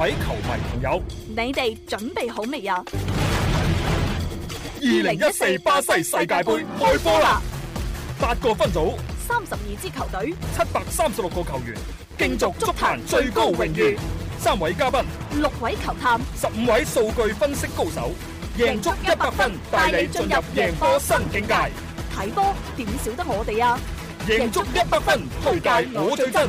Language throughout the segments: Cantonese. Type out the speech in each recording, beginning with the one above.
各位球迷朋友，你哋準備好未啊？二零一四巴西世界杯開波啦！八個分組，三十二支球隊，七百三十六個球員，競逐足壇最高榮譽。三位嘉賓，六位球探，十五位數據分析高手，贏足一百分，帶你進入贏波新境界。睇波點少得我哋啊！贏足一百分推介我最真。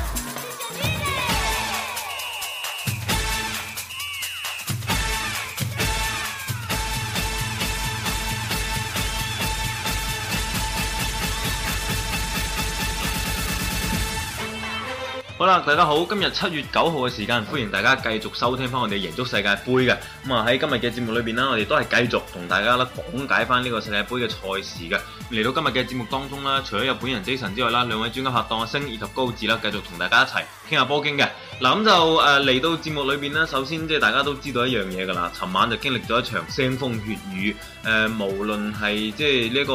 好啦，大家好，今日七月九號嘅時間，歡迎大家繼續收聽翻我哋贏足世界杯嘅。咁啊喺今日嘅節目裏邊呢，我哋都係繼續同大家啦講解翻呢個世界杯嘅賽事嘅。嚟到今日嘅節目當中啦，除咗有本人 Jason 之外啦，兩位專家客檔星以及高志啦，繼續同大家一齊傾下波經嘅。嗱，咁就誒嚟、啊、到節目裏邊啦，首先即係大家都知道一樣嘢噶啦，尋晚就經歷咗一場腥風血雨。誒、呃，無論係即係呢、呢個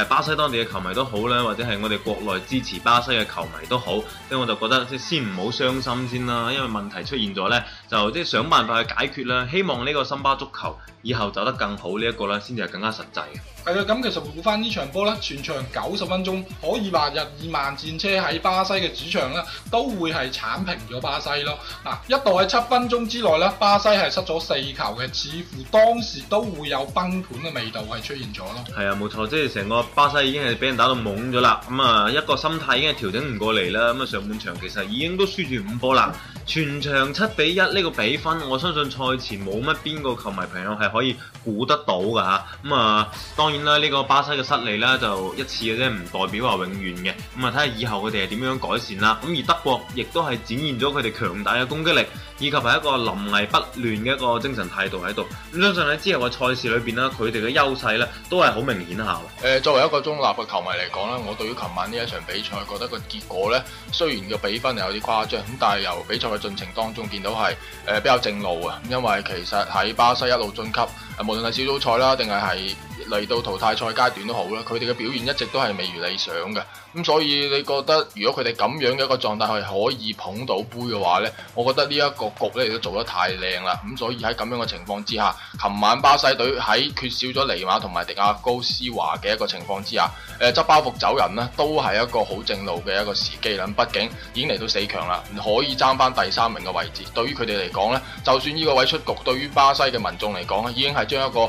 誒巴西當地嘅球迷都好啦，或者係我哋國內支持巴西嘅球迷都好，咁我就覺得先唔好傷心先啦，因為問題出現咗呢，就即係想辦法去解決啦。希望呢個森巴足球，以後走得更好呢一個呢，先至係更加實際嘅。係啦，咁其實回顧翻呢場波呢，全場九十分鐘，可以話日耳曼戰車喺巴西嘅主場呢，都會係鏟平咗巴西咯。嗱，一度喺七分鐘之內呢，巴西係失咗四球嘅，似乎當時都會有崩盤嘅味道係出現咗咯。係啊，冇錯，即係成個巴西已經係俾人打到懵咗啦。咁啊，一個心態已經係調整唔過嚟啦。咁啊，上半場其實已經都輸住五波啦，全場七比一呢個比分，我相信賽前冇乜邊個球迷朋友係是可以估得到噶嚇，咁、嗯、啊、嗯、當然啦，呢、這個巴西嘅失利咧就一次嘅啫，唔代表話永遠嘅。咁啊，睇下以後佢哋係點樣改善啦。咁、嗯、而德國亦都係展現咗佢哋強大嘅攻擊力，以及係一個臨危不亂嘅一個精神態度喺度。咁相信喺之後嘅賽事裏邊呢，佢哋嘅優勢呢，都係好明顯下。誒、呃，作為一個中立嘅球迷嚟講呢，我對於琴晚呢一場比賽覺得個結果呢，雖然個比分有啲誇張，咁但係由比賽嘅進程當中見到係誒、呃、比較正路啊。因為其實喺巴西一路進級。無論係小組賽啦，定係係，嚟到淘汰賽階段都好啦，佢哋嘅表現一直都係未如理想嘅。咁、嗯、所以你覺得如果佢哋咁樣嘅一個狀態係可以捧到杯嘅話咧，我覺得呢一個局咧亦都做得太靚啦，咁、嗯、所以喺咁樣嘅情況之下，琴晚巴西隊喺缺少咗尼馬同埋迪亞高斯華嘅一個情況之下，誒、呃、執包袱走人咧，都係一個好正路嘅一個時機啦。畢、嗯、竟已經嚟到四強啦，唔可以爭翻第三名嘅位置，對於佢哋嚟講咧，就算呢個位出局，對於巴西嘅民眾嚟講咧，已經係將一個誒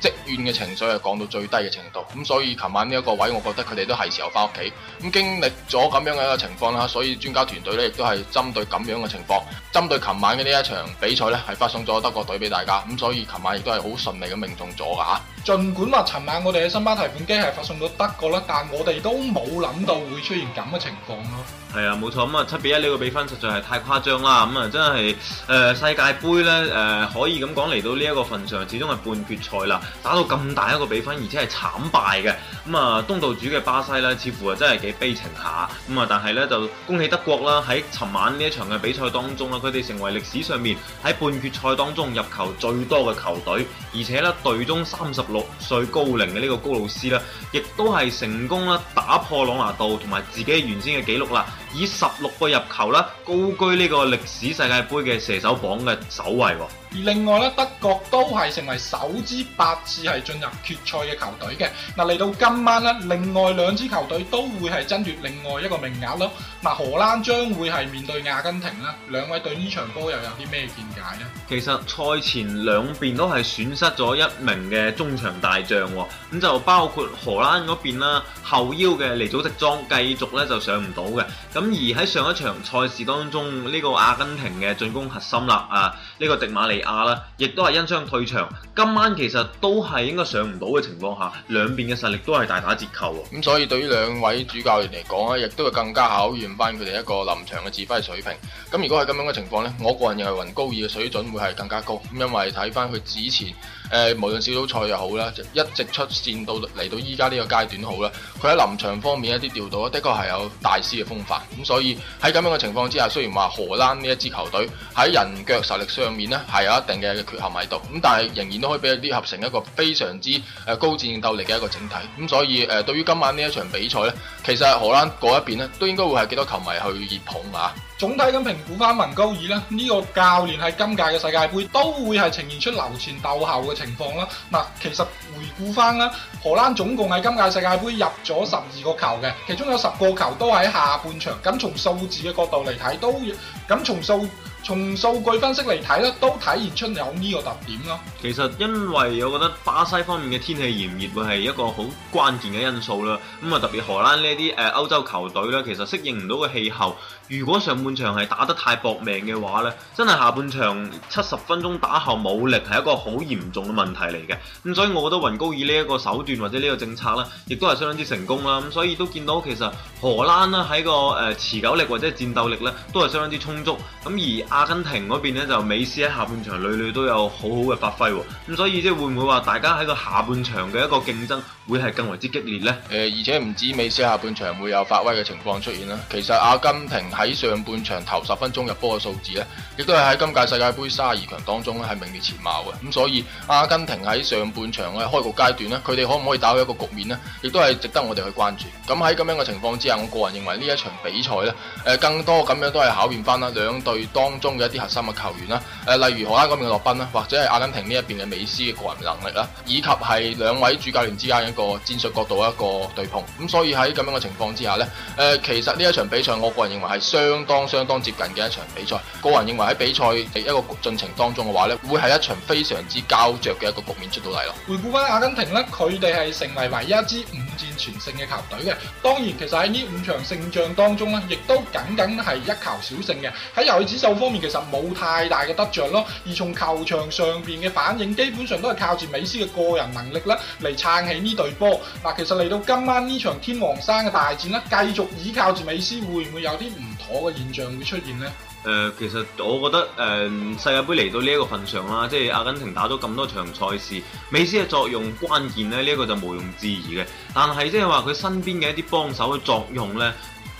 積怨嘅情緒。所以降到最低嘅程度，咁所以琴晚呢一個位，我覺得佢哋都係時候翻屋企。咁經歷咗咁樣嘅一個情況啦，所以專家團隊咧亦都係針對咁樣嘅情況，針對琴晚嘅呢一場比賽咧係發送咗德國隊俾大家。咁所以琴晚亦都係好順利咁命中咗㗎嚇。儘管話尋晚我哋嘅新巴提款機係發送到德國啦，但我哋都冇諗到會出現咁嘅情況咯。係啊，冇錯。咁啊，七比一呢個比分實在係太誇張啦。咁、嗯、啊，真係誒、呃、世界盃咧誒可以咁講，嚟到呢一個份上，始終係半決賽啦，打到咁大下一個比分，而且係慘敗嘅。咁啊，東道主嘅巴西呢，似乎啊真係幾悲情下。咁啊，但係呢，就恭喜德國啦，喺尋晚呢一場嘅比賽當中啦，佢哋成為歷史上面喺半決賽當中入球最多嘅球隊，而且呢，隊中三十六歲高齡嘅呢個高路斯呢，亦都係成功啦打破朗拿度同埋自己原先嘅紀錄啦，以十六個入球啦，高居呢個歷史世界杯嘅射手榜嘅首位。而另外咧，德國都係成為首支八次係進入決賽嘅球隊嘅。嗱，嚟到今晚咧，另外兩支球隊都會係爭奪另外一個名額咯。嗱，荷蘭將會係面對阿根廷啦。兩位對呢場波又有啲咩見解呢？其實賽前兩邊都係損失咗一名嘅中場大將，咁就包括荷蘭嗰邊啦，後腰嘅尼祖迪莊繼續咧就上唔到嘅。咁而喺上一場賽事當中，呢個阿根廷嘅進攻核心啦，啊，呢個迪馬利亞啦，亦都係因傷退場。今晚其實都係應該上唔到嘅情況下，兩邊嘅實力都係大打折扣喎。咁所以對於兩位主教練嚟講咧，亦都係更加考驗翻佢哋一個臨場嘅指揮水平。咁如果係咁樣嘅情況呢，我個人認為雲高爾嘅水準會係更加高。咁因為睇翻佢之前。誒，無論小組賽又好啦，一直出線到嚟到依家呢個階段好啦，佢喺臨場方面一啲調度咧，的確係有大師嘅風範。咁所以喺咁樣嘅情況之下，雖然話荷蘭呢一支球隊喺人腳實力上面呢係有一定嘅缺陷喺度，咁但係仍然都可以俾佢啲合成一個非常之誒高戰鬥力嘅一個整體。咁所以誒，對於今晚呢一場比賽呢，其實荷蘭嗰一邊呢都應該會係幾多球迷去熱捧嚇。總體咁評估翻文高爾咧，呢、這個教練喺今屆嘅世界盃都會係呈現出流前鬥後嘅情況啦。嗱，其實回顧翻啦，荷蘭總共喺今屆世界盃入咗十二個球嘅，其中有十個球都喺下半場。咁從數字嘅角度嚟睇，都咁從數。從數據分析嚟睇咧，都體現出有呢個特點咯。其實因為我覺得巴西方面嘅天氣炎熱會係一個好關鍵嘅因素啦。咁啊，特別荷蘭呢啲誒歐洲球隊咧，其實適應唔到個氣候。如果上半場係打得太搏命嘅話咧，真係下半場七十分鐘打後冇力係一個好嚴重嘅問題嚟嘅。咁所以我覺得雲高爾呢一個手段或者呢個政策咧，亦都係相當之成功啦。咁所以都見到其實荷蘭呢喺個誒持久力或者戰鬥力咧，都係相當之充足。咁而阿根廷嗰邊咧就美斯喺下半場屢屢都有很好好嘅發揮喎，咁所以即係會唔會話大家喺個下半場嘅一個競爭會係更為之激烈呢？誒，而且唔止美斯下半場會有發威嘅情況出現啦，其實阿根廷喺上半場頭十分鐘入波嘅數字咧，亦都係喺今屆世界盃卅二強當中咧係名列前茅嘅，咁所以阿根廷喺上半場嘅開局階段咧，佢哋可唔可以打開一個局面呢？亦都係值得我哋去關注。咁喺咁樣嘅情況之下，我個人認為呢一場比賽咧，誒更多咁樣都係考驗翻啦，兩隊當中嘅一啲核心嘅球員啦，誒例如荷蘭嗰邊嘅洛賓啦，或者係阿根廷呢一邊嘅美斯嘅個人能力啦，以及係兩位主教練之間一個戰術角度一個對碰，咁所以喺咁樣嘅情況之下呢，誒其實呢一場比賽我個人認為係相當相當接近嘅一場比賽，個人認為喺比賽第一個進程當中嘅話呢，會係一場非常之膠着嘅一個局面出到嚟咯。回顧翻阿根廷呢，佢哋係成為唯一一支五戰全勝嘅球隊嘅，當然其實喺呢五場勝仗當中呢，亦都僅僅係一球小勝嘅，喺遊戲指數方。其實冇太大嘅得着咯，而從球場上邊嘅反應，基本上都係靠住美斯嘅個人能力咧嚟，撐起呢隊波。嗱，其實嚟到今晚呢場天王山嘅大戰咧，繼續倚靠住美斯會唔會有啲唔妥嘅現象會出現呢？誒、呃，其實我覺得誒、呃，世界杯嚟到呢一個份上啦，即係阿根廷打咗咁多場賽事，美斯嘅作用關鍵咧，呢一個就毋庸置疑嘅。但係即係話佢身邊嘅一啲幫手嘅作用咧。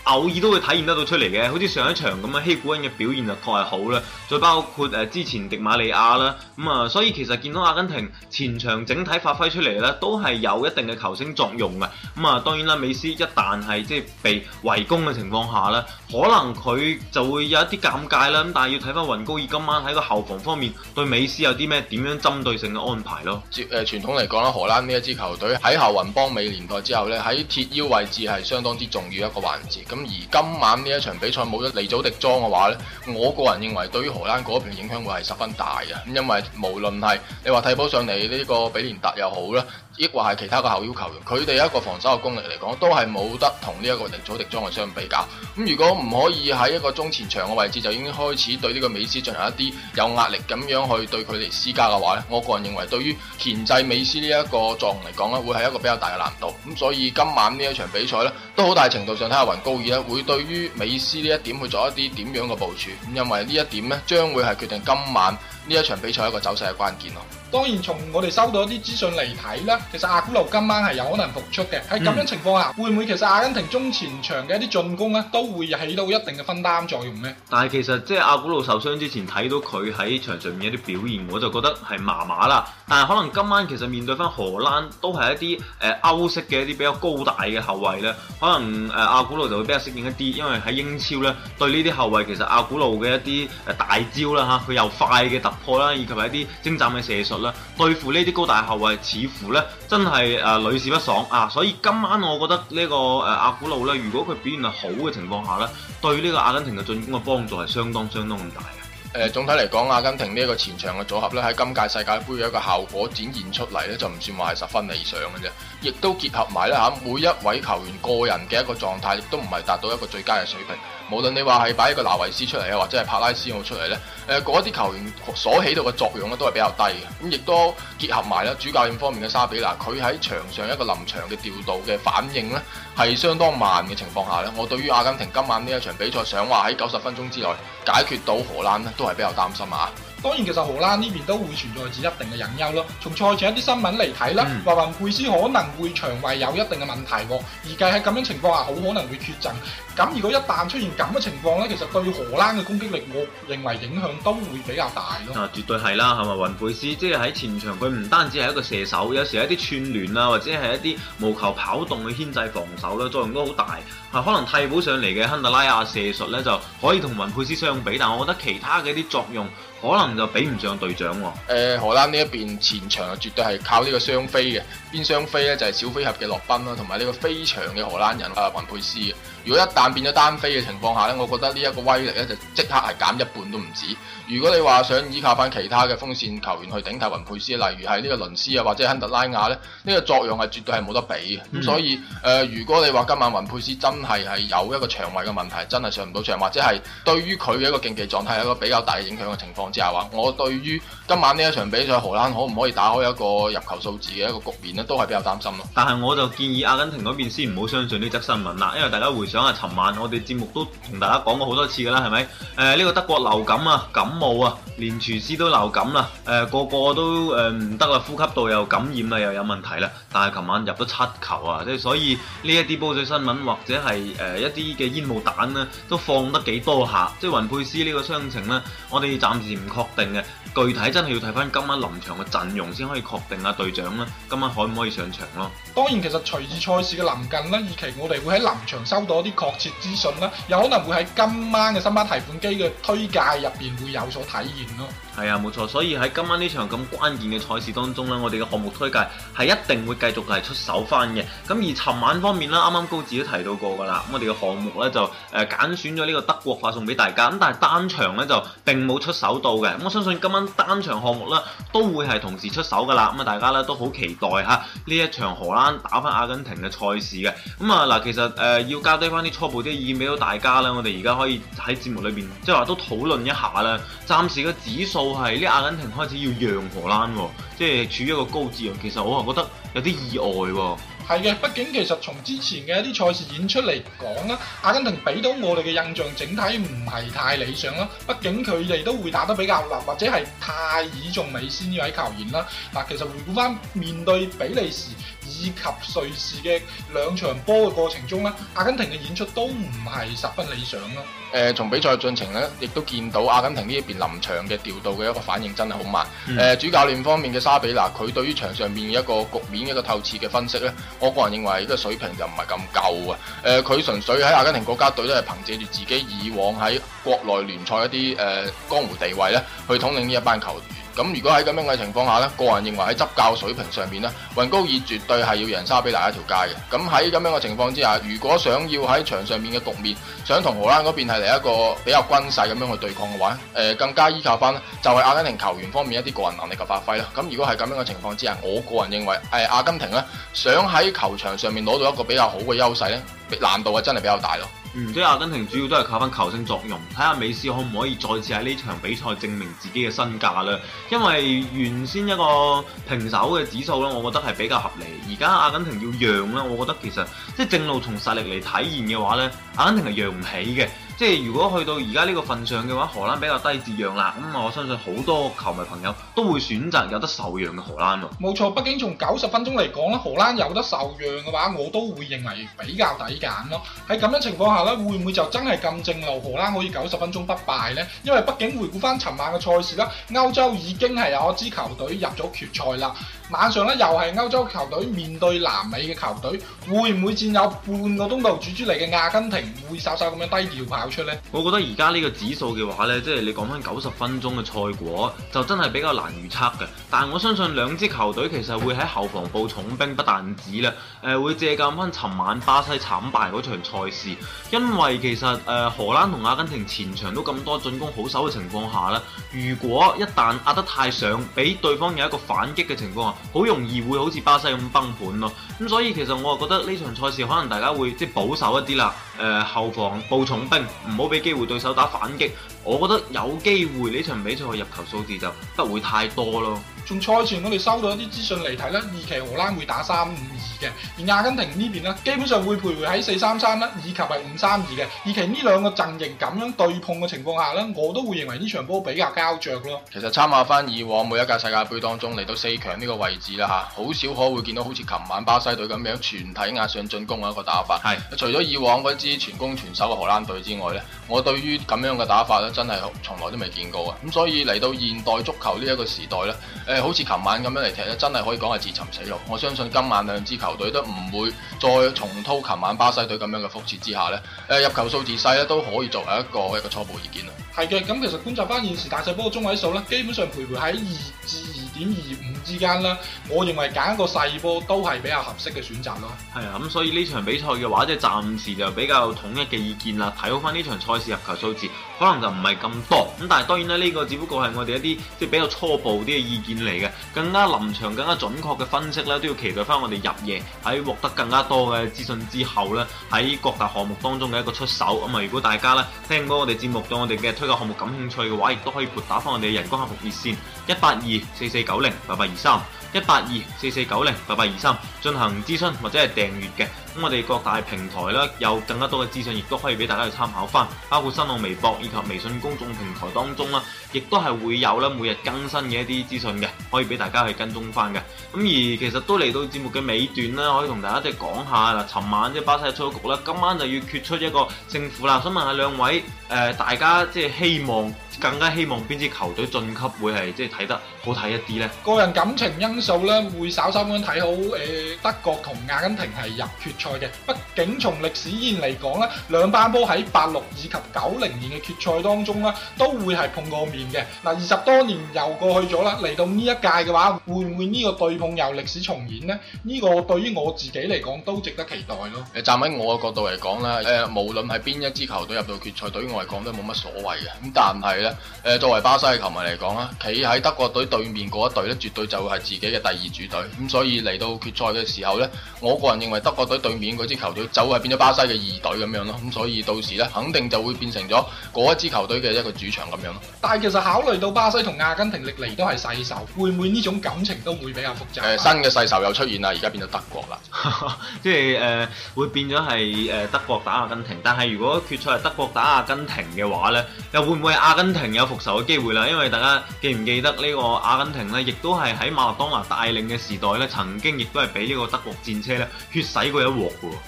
偶爾都會體現得到出嚟嘅，好似上一場咁啊，希古恩嘅表現就確係好啦。再包括誒之前迪馬利亞啦，咁啊，所以其實見到阿根廷前場整體發揮出嚟咧，都係有一定嘅球星作用嘅。咁啊，當然啦，美斯一旦係即係被圍攻嘅情況下咧，可能佢就會有一啲尷尬啦。咁但係要睇翻雲高爾今晚喺個後防方面對美斯有啲咩點樣針對性嘅安排咯。誒，傳統嚟講啦，荷蘭呢一支球隊喺後雲邦美年代之後咧，喺鐵腰位置係相當之重要一個環節。咁而今晚呢一場比賽冇咗尼祖迪莊嘅話呢，我個人認為對於荷蘭嗰邊影響會係十分大嘅，因為無論係你話替補上嚟呢個比連達又好啦抑或係其他嘅後腰球員，佢哋一個防守嘅功力嚟講，都係冇得同呢一個尼祖迪莊嘅相比較。咁、嗯、如果唔可以喺一個中前場嘅位置就已經開始對呢個美斯進行一啲有壓力咁樣去對佢哋施加嘅話咧，我個人認為對於鉗制美斯呢一個作用嚟講咧，會係一個比較大嘅難度。咁、嗯、所以今晚呢一場比賽咧，都好大程度上睇下雲高爾咧會對於美斯呢一點去做一啲點樣嘅部署。咁因為呢一點咧，將會係決定今晚呢一場比賽一個走勢嘅關鍵咯。當然，從我哋收到一啲資訊嚟睇咧，其實阿古路今晚係有可能復出嘅。喺咁樣情況下，嗯、會唔會其實阿根廷中前場嘅一啲進攻咧，都會起到一定嘅分擔作用咧？但係其實即係阿古路受傷之前，睇到佢喺場上面一啲表現，我就覺得係麻麻啦。但、啊、係可能今晚其實面對翻荷蘭都係一啲誒歐式嘅一啲比較高大嘅後衞咧，可能誒、呃、阿古路就會比較適應一啲，因為喺英超咧對呢啲後衞其實阿古路嘅一啲誒大招啦嚇，佢又快嘅突破啦，以及係一啲精湛嘅射術啦，對付呢啲高大後衞似乎咧真係誒屢試不爽啊！所以今晚我覺得呢、這個誒、呃、阿古路咧，如果佢表現係好嘅情況下咧，對呢個阿根廷嘅進攻嘅幫助係相當相當咁大的。總體嚟講，阿根廷呢一個前場嘅組合咧，喺今屆世界盃嘅一個效果展現出嚟咧，就唔算話係十分理想嘅啫。亦都結合埋咧吓每一位球員個人嘅一個狀態，亦都唔係達到一個最佳嘅水平。無論你話係擺一個拿維斯出嚟啊，或者係帕拉斯奧出嚟呢，誒嗰啲球員所起到嘅作用咧，都係比較低嘅。咁亦都結合埋啦，主教練方面嘅沙比拿，佢喺場上一個臨場嘅調度嘅反應呢，係相當慢嘅情況下呢，我對於阿根廷今晚呢一場比賽，想話喺九十分鐘之內解決到荷蘭咧，都係比較擔心啊。當然其實荷蘭呢邊都會存在住一定嘅隱憂咯。從賽前一啲新聞嚟睇啦，話雲佩斯可能會腸胃有一定嘅問題喎，而家喺咁樣情況下好可能會缺陣。咁如果一旦出現咁嘅情況咧，其實對荷蘭嘅攻擊力，我認為影響都會比較大咯。啊，絕對係啦，係咪雲佩斯？即係喺前場佢唔單止係一個射手，有時一啲串聯啊，或者係一啲無球跑動去牽制防守咧，作用都好大。可能替補上嚟嘅亨特拉亞射術咧就可以同雲佩斯相比，但我覺得其他嘅啲作用可能就比唔上隊長喎、哦呃。荷蘭呢一邊前場啊，絕對係靠呢個雙飛嘅，邊雙飛咧就係、是、小飛俠嘅洛賓啦，同埋呢個飛翔嘅荷蘭人啊、呃、雲佩斯嘅。如果一旦變咗單飛嘅情況下咧，我覺得呢一個威力咧就即刻係減一半都唔止。如果你話想依靠返其他嘅鋒線球員去頂替雲佩斯，例如係呢個倫斯啊或者亨特拉亞咧，呢、這個作用係絕對係冇得比嘅。咁、嗯、所以誒、呃，如果你話今晚雲佩斯真的係係有一個腸胃嘅問題，真係上唔到場，或者係對於佢嘅一個競技狀態有一個比較大嘅影響嘅情況之下話，我對於今晚呢一場比賽荷蘭可唔可以打開一個入球數字嘅一個局面呢，都係比較擔心咯。但係我就建議阿根廷嗰邊先唔好相信呢則新聞啦，因為大家回想下尋晚我哋節目都同大家講過好多次噶啦，係咪？誒、呃、呢、這個德國流感啊，感冒啊，連廚師都流感啊，誒、呃、個個都誒唔得啦，呼吸道又感染啊，又有問題啦。但係琴晚入咗七球啊，即係所以呢一啲煲水新聞或者係。係誒、呃、一啲嘅煙霧彈啦，都放得幾多下，即係雲佩斯呢個商呢個傷情咧，我哋暫時唔確定嘅，具體真係要睇翻今晚臨場嘅陣容先可以確定啊隊長啦，今晚可唔可以上場咯？當然，其實隨住賽事嘅臨近呢，以期我哋會喺臨場收到一啲確切資訊啦，有可能會喺今晚嘅新巴提款機嘅推介入邊會有所體現咯。係啊，冇錯，所以喺今晚呢場咁關鍵嘅賽事當中呢，我哋嘅項目推介係一定會繼續嚟出手翻嘅。咁而尋晚方面咧，啱啱高志都提到過噶啦，咁我哋嘅項目呢，就誒揀選咗呢個德國發送俾大家，咁但係單場呢，就並冇出手到嘅。我相信今晚單場項目呢，都會係同時出手噶啦。咁啊，大家呢，都好期待嚇呢一場荷蘭打翻阿根廷嘅賽事嘅。咁啊嗱，其實誒、呃、要交低翻啲初步啲意見到大家們現在在、就是、呢。我哋而家可以喺節目裏邊即係話都討論一下啦。暫時嘅指數，就係啲阿根廷開始要讓荷蘭喎，即係處於一個高姿勢。其實我係覺得有啲意外喎。係嘅，畢竟其實從之前嘅一啲賽事演出嚟講啦，阿根廷俾到我哋嘅印象整體唔係太理想啦。畢竟佢哋都會打得比較難，或者係太倚重美斯呢位球員啦。嗱，其實回顧翻面對比利時，以及瑞士嘅兩場波嘅過程中咧，阿根廷嘅演出都唔係十分理想囉。誒、呃，從比賽進程咧，亦都見到阿根廷呢一邊臨場嘅調度嘅一個反應真係好慢。誒、嗯呃，主教練方面嘅沙比拿，佢對於場上面一個局面一個透徹嘅分析咧，我個人認為呢個水平就唔係咁夠啊。誒、呃，佢純粹喺阿根廷國家隊都係憑藉住自己以往喺國內聯賽一啲誒、呃、江湖地位咧，去統領呢一班球員。咁如果喺咁樣嘅情況下呢，個人認為喺執教水平上面呢，雲高爾絕對係要贏沙比達一條街嘅。咁喺咁樣嘅情況之下，如果想要喺場上面嘅局面，想同荷蘭嗰邊係嚟一個比較均勢咁樣去對抗嘅話，誒更加依靠翻就係阿根廷球員方面一啲個人能力嘅發揮啦。咁如果係咁樣嘅情況之下，我個人認為誒阿根廷呢，想喺球場上面攞到一個比較好嘅優勢呢，難度係真係比較大咯。嗯，即阿根廷主要都係靠翻球星作用，睇下美斯可唔可以再次喺呢場比賽證明自己嘅身價啦。因為原先一個平手嘅指數呢，我覺得係比較合理。而家阿根廷要讓呢，我覺得其實即係正路從實力嚟體現嘅話呢，阿根廷係讓唔起嘅。即係如果去到而家呢個份上嘅話，荷蘭比較低智讓啦，咁、嗯、我相信好多球迷朋友都會選擇有得受讓嘅荷蘭喎。冇錯，畢竟從九十分鐘嚟講啦，荷蘭有得受讓嘅話，我都會認為比較抵揀咯。喺咁樣情況下咧，會唔會就真係咁正路荷蘭可以九十分鐘不敗呢？因為畢竟回顧翻尋晚嘅賽事啦，歐洲已經係有一支球隊入咗決賽啦。晚上咧又係歐洲球隊面對南美嘅球隊，會唔會佔有半個東道主主嚟嘅阿根廷會稍稍咁樣低調出咧，我覺得而家呢個指數嘅話，呢即係你講翻九十分鐘嘅賽果，就真係比較難預測嘅。但係我相信兩支球隊其實會喺後防布重兵不但止啦，誒、呃、會借鑑翻尋晚巴西慘敗嗰場賽事，因為其實誒、呃、荷蘭同阿根廷前場都咁多進攻好手嘅情況下，呢如果一旦壓得太上，俾對方有一個反擊嘅情況下，好容易會好似巴西咁崩盤咯。咁所以其實我覺得呢場賽事可能大家會即係保守一啲啦，誒、呃、後防布重兵。唔好俾機會對手打反擊，我覺得有機會呢場比賽入球數字就不會太多咯。從賽前我哋收到一啲資訊嚟睇咧，二期荷蘭會打三五二嘅，而阿根廷呢邊呢基本上會徘徊喺四三三啦，以及係五三二嘅。二期呢兩個陣營咁樣對碰嘅情況下呢，我都會認為呢場波比較膠着咯。其實參考翻以往每一屆世界盃當中嚟到四強呢個位置啦嚇，好少可會見到好似琴晚巴西隊咁樣全體壓上進攻嘅一個打法。係，除咗以往嗰支全攻全守嘅荷蘭隊之外咧。我對於咁樣嘅打法咧，真係從來都未見過啊。咁所以嚟到現代足球呢一個時代咧，誒好似琴晚咁樣嚟踢咧，真係可以講係自尋死路。我相信今晚兩支球隊都唔會再重蹈琴晚巴西隊咁樣嘅覆轍之下咧，誒入球數字細咧都可以作為一個一個初步意見啊。係嘅，咁其實觀察翻現時大細波個中位數咧，基本上徘徊喺二至二0.25之間啦，我認為揀一個細波都係比較合適嘅選擇咯。係啊，咁所以呢場比賽嘅話，即係暫時就比較統一嘅意見啦。睇好翻呢場賽事入球數字。可能就唔係咁多，咁但係當然啦，呢個只不過係我哋一啲即係比較初步啲嘅意見嚟嘅，更加臨場、更加準確嘅分析咧，都要期待翻我哋入夜喺獲得更加多嘅資訊之後咧，喺各大項目當中嘅一個出手。咁啊，如果大家咧聽到我哋節目對我哋嘅推介項目感興趣嘅話，亦都可以撥打翻我哋嘅人工客服熱線一八二四四九零八八二三一八二四四九零八八二三進行諮詢或者係訂閲嘅。咁我哋各大平台咧，有更加多嘅資訊亦都可以俾大家去參考翻。包括新浪微博以及微信公眾平台當中啦，亦都係會有啦，每日更新嘅一啲資訊嘅，可以俾大家去跟蹤翻嘅。咁而其實都嚟到節目嘅尾段啦，可以同大家即係講下啦，尋晚即係巴西出局啦，今晚就要決出一個勝負啦。想問下兩位誒、呃，大家即係希望更加希望邊支球隊晉級會係即係睇得好睇一啲咧？個人感情因素咧，會稍稍咁睇好誒、呃、德國同阿根廷係入決出賽嘅，畢竟從歷史現嚟講咧，兩班波喺八六以及九零年嘅決賽當中咧，都會係碰過面嘅。嗱，二十多年又過去咗啦，嚟到呢一屆嘅話，會唔會呢個對碰又歷史重演咧？呢、呢個對於我自己嚟講都值得期待咯。站喺我嘅角度嚟講啦，誒、呃，無論係邊一支球隊入到決賽，對於我嚟講都冇乜所謂嘅。咁但係咧，誒，作為巴西嘅球迷嚟講啦，企喺德國隊對面嗰一隊咧，絕對就係自己嘅第二主隊。咁所以嚟到決賽嘅時候咧，我個人認為德國隊對。面支球隊就會係變咗巴西嘅二隊咁樣咯，咁所以到時咧，肯定就會變成咗嗰一支球隊嘅一個主場咁樣咯。但係其實考慮到巴西同阿根廷歷嚟都係世仇，會唔會呢種感情都會比較複雜？誒、呃，新嘅世仇又出現啦，而家變咗德國啦，即係誒會變咗係誒德國打阿根廷。但係如果決賽係德國打阿根廷嘅話咧，又會唔會阿根廷有復仇嘅機會啦？因為大家記唔記得呢個阿根廷咧，亦都係喺馬拉當拿帶領嘅時代咧，曾經亦都係俾呢個德國戰車咧血洗過一回。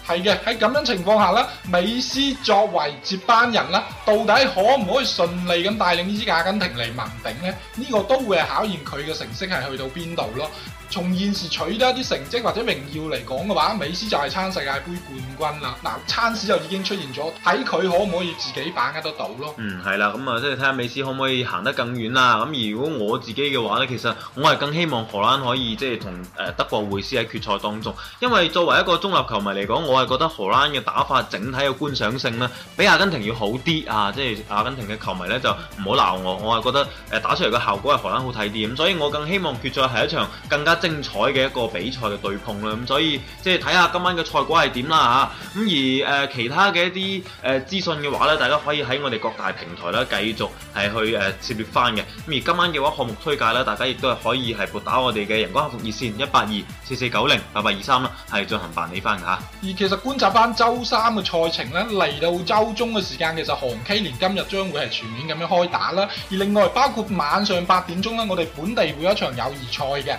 係嘅，喺咁樣情況下咧，美斯作為接班人啦，到底可唔可以順利咁帶領呢支阿根廷嚟問鼎咧？呢、這個都會係考驗佢嘅成色係去到邊度咯。從現時取得一啲成績或者榮耀嚟講嘅話，美斯就係爭世界盃冠軍啦。嗱，chance 就已經出現咗，睇佢可唔可以自己把握得到咯？嗯，係啦，咁、嗯、啊，即係睇下美斯可唔可以行得更遠啦？咁如果我自己嘅話呢，其實我係更希望荷蘭可以即係同誒德國會師喺決賽當中，因為作為一個中立球迷嚟講，我係覺得荷蘭嘅打法整體嘅觀賞性呢，比阿根廷要好啲啊！即係阿根廷嘅球迷呢，就唔好鬧我，我係覺得誒打出嚟嘅效果係荷蘭好睇啲，咁所以我更希望決賽係一場更加。精彩嘅一個比賽嘅對碰啦，咁所以即係睇下今晚嘅賽果係點啦吓，咁而誒、呃、其他嘅一啲誒資訊嘅話咧，大家可以喺我哋各大平台咧，繼續係去誒涉獵翻嘅。咁、呃、而今晚嘅話，項目推介咧，大家亦都係可以係撥打我哋嘅人工客服熱線一八二四四九零八八二三啦，係進行辦理翻吓。而其實觀察翻周三嘅賽程咧，嚟到周中嘅時間，其實韓 K 聯今日將會係全面咁樣開打啦。而另外包括晚上八點鐘咧，我哋本地會有一場友誼賽嘅。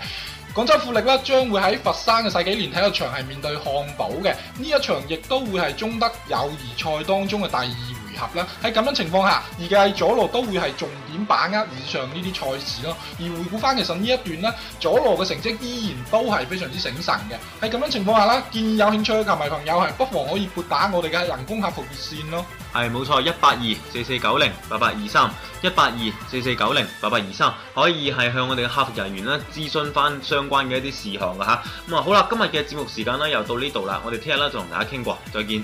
廣州富力啦，將會在佛山嘅世紀蓮體育場係面對漢堡嘅呢一場，亦都會係中德友誼賽當中嘅第二合啦，喺咁樣的情況下，而家佐羅都會係重點把握以上呢啲賽事咯。而回顧翻，其實呢一段呢，佐羅嘅成績依然都係非常之醒神嘅。喺咁樣的情況下呢，建議有興趣嘅球迷朋友係不妨可以撥打我哋嘅人工客服熱線咯。係，冇錯，一八二四四九零八八二三，一八二四四九零八八二三，可以係向我哋嘅客服人員啦諮詢翻相關嘅一啲事項嘅吓。咁、嗯、啊好啦，今日嘅節目時間呢又到呢度啦，我哋聽日呢就同大家傾過，再見。